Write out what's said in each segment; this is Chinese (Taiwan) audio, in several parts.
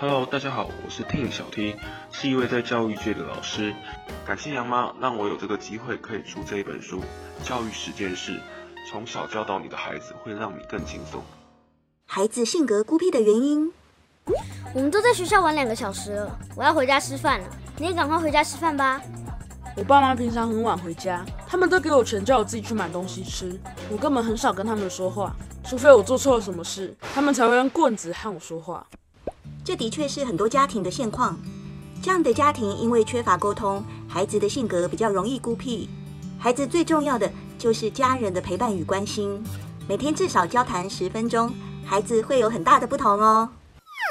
Hello，大家好，我是 Tim 小踢，是一位在教育界的老師。感謝洋媽讓我有這個機會可以出這一本書《教育十件事：從小教導你的孩子會讓你更輕鬆》。孩子性格孤僻的原因？我們都在學校玩兩個小時了，我要回家吃飯了。你也趕快回家吃飯吧。我爸媽平常很晚回家，他們都給我錢叫我自己去買東西吃，我根本很少跟他們說話，除非我做錯了什麼事，他們才會用棍子和我說話。這的確是很多家庭的現況。這樣的家庭因為缺乏溝通，孩子的性格比較容易孤僻。孩子最重要的就是家人的陪伴與關心，每天至少交談十分鐘，孩子會有很大的不同哦。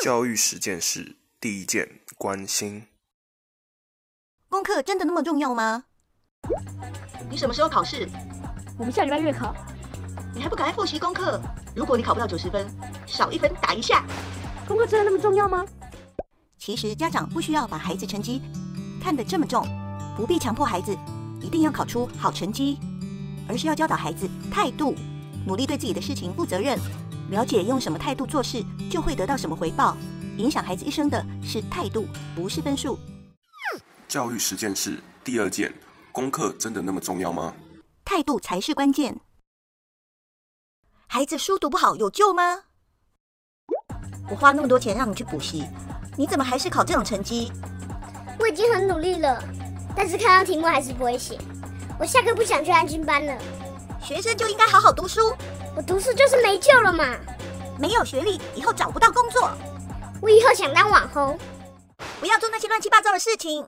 教育十件事，第一件關心。功課真的那麼重要嗎？你什麼時候考試？我們下禮拜月考。你還不趕快複習功課？如果你考不到九十分，少一分打一下。功課真的那麼重要嗎？其實家長不需要把孩子成績看得這麼重，不必強迫孩子一定要考出好成績，而是要教導孩子態度，努力對自己的事情負責任，了解用什麼態度做事就會得到什麼回報。影響孩子一生的是態度，不是分數。教育十件事，第二件，功課真的那麼重要嗎？態度才是關鍵。孩子書讀不好有救嗎？我花那麼多錢讓你去補習，你怎麼還是考這種成績？我已經很努力了，但是看到題目還是不會寫。我下課不想去安親班了。學生就應該好好讀書。我讀書就是沒救了嘛，沒有學歷，以後找不到工作。我以後想當網紅，不要做那些亂七八糟的事情。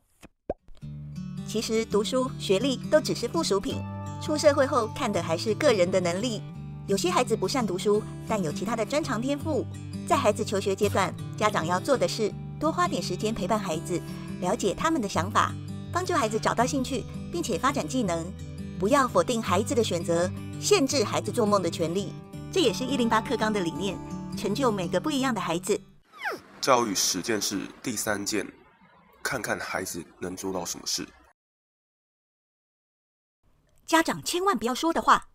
其實讀書、學歷都只是附屬品，出社會後看的還是個人的能力。有些孩子不善讀書，但有其他的專長天賦。在孩子求學階段，家長要做的是多花點時間陪伴孩子，了解他們的想法，幫助孩子找到興趣，並且發展技能，不要否定孩子的選擇，限制孩子做夢的權利。這也是108課綱的理念，成就每個不一樣的孩子。教育10件事是第三件，看看孩子能做到什麼事。家長千萬不要說的話。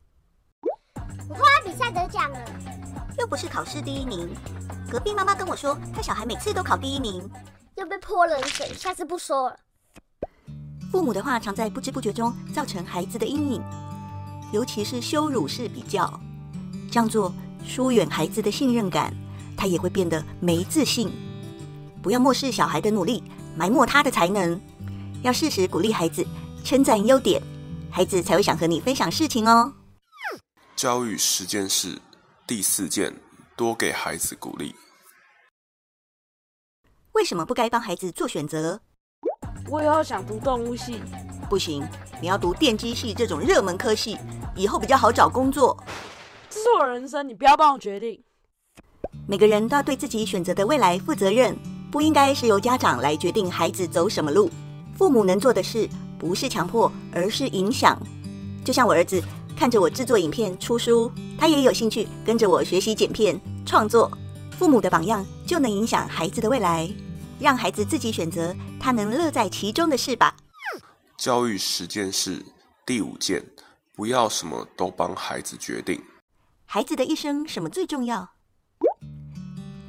我後來比賽得獎了。又不是考試第一名，隔壁媽媽跟我說，她小孩每次都考第一名，又被潑冷水，下次不說了。父母的話常在不知不覺中造成孩子的陰影，尤其是羞辱式比較，這樣做疏遠孩子的信任感，他也會變得沒自信。不要漠視小孩的努力，埋沒他的才能，要適時鼓勵孩子，稱讚優點，孩子才會想和你分享事情哦。教育十件事。第四件，多給孩子鼓勵。為什麼不該幫孩子做選擇？我以後想讀動物系。不行，你要讀電機系這種熱門科系，以後比較好找工作。這是我人生，你不要幫我決定。每個人都要對自己選擇的未來負責任，不應該是由家長來決定孩子走什麼路。父母能做的事，不是強迫，而是影響。就像我兒子。看着我製作影片、出書，他也有興趣跟着我學習剪片創作。父母的榜樣就能影響孩子的未來，讓孩子自己選擇他能樂在其中的事吧。教育十件事，第五件，不要什麼都幫孩子決定。孩子的一生什麼最重要？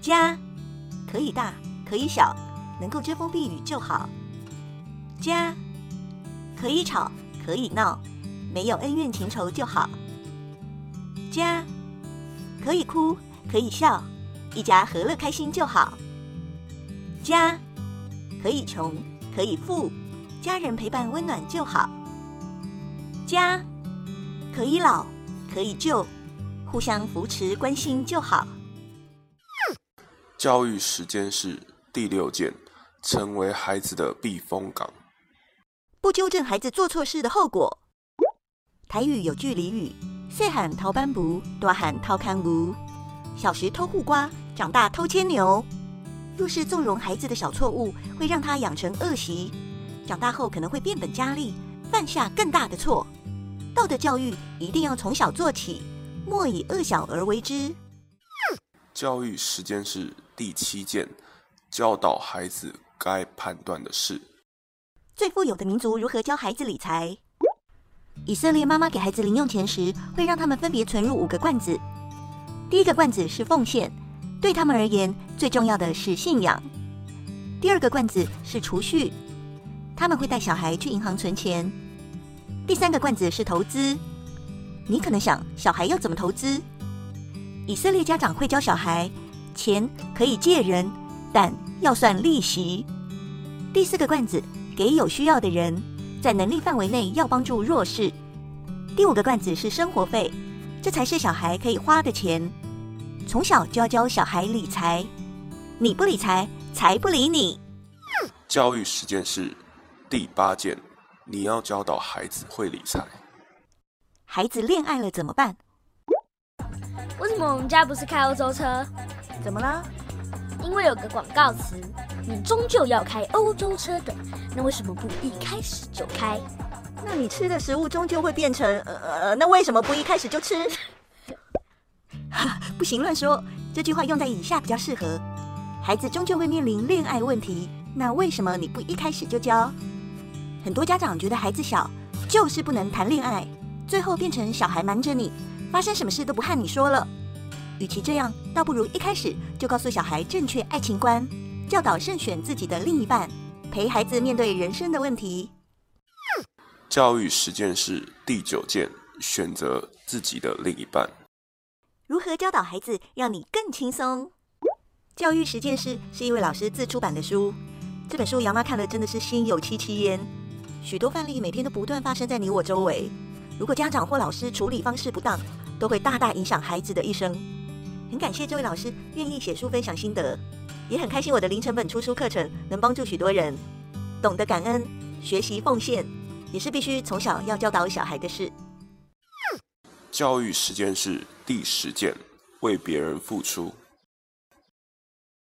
家可以大可以小，能夠遮風避雨就好。家可以吵可以鬧，沒有恩怨情仇就好。家可以哭可以笑，一家和樂開心就好。家可以窮可以富，家人陪伴溫暖就好。家可以老可以舊，互相扶持關心就好。教育十件事，第六件，成為孩子的避風港。不糾正孩子做錯事的後果。台語有句俚語：細漢偷挽匏，大漢偷牽牛。小時偷護瓜，長大偷牽牛。若是縱容孩子的小錯誤，會讓他養成惡習，長大後可能會變本加厲，犯下更大的錯。道德教育一定要從小做起，莫以惡小而為之。教育時間是第七件，教導孩子該判斷的事。最富有的民族如何教孩子理財？以色列媽媽給孩子零用錢時，會讓他們分別存入五個罐子。第一個罐子是奉獻，對他們而言，最重要的是信仰。第二個罐子是儲蓄，他們會帶小孩去銀行存錢。第三個罐子是投資，你可能想，小孩要怎麼投資？以色列家長會教小孩，錢可以借人，但要算利息。第四個罐子，給有需要的人。在能力範圍內要幫助弱勢。第五個罐子是生活費，這才是小孩可以花的錢。從小就要教小孩理財，你不理財，財不理你。教育十件事是第八件，你要教導孩子會理財。孩子戀愛了怎麼辦？為什麼我們家不是開歐洲車？怎麼了？因為有個廣告詞。你終究要開歐洲車的，那為什麼不一開始就開？那你吃的食物終究會變成呃呃呃，那為什麼不一開始就吃？哈， 不行，亂說。這句話用在以下比較適合：孩子終究會面臨戀愛問題，那為什麼你不一開始就教？很多家長覺得孩子小，就是不能談戀愛，最後變成小孩瞞着你，發生什麼事都不和你說了。與其這樣，倒不如一開始就告訴小孩正確愛情觀。教導慎選自己的另一半，陪孩子面對人生的問題。教育十件事第九件，選擇自己的另一半。如何教導孩子，讓你更輕鬆？教育十件事，是一位老師自出版的書。這本書洋媽看了真的是心有戚戚焉。許多範例每天都不斷發生在你我周圍。如果家長或老師處理方式不當，都會大大影響孩子的一生。很感謝這位老師願意寫書分享心得。也很開心，我的零成本出書課程能幫助許多人懂得感恩、學習奉獻，也是必須從小要教導小孩的事。教育十件事第十件，為別人付出。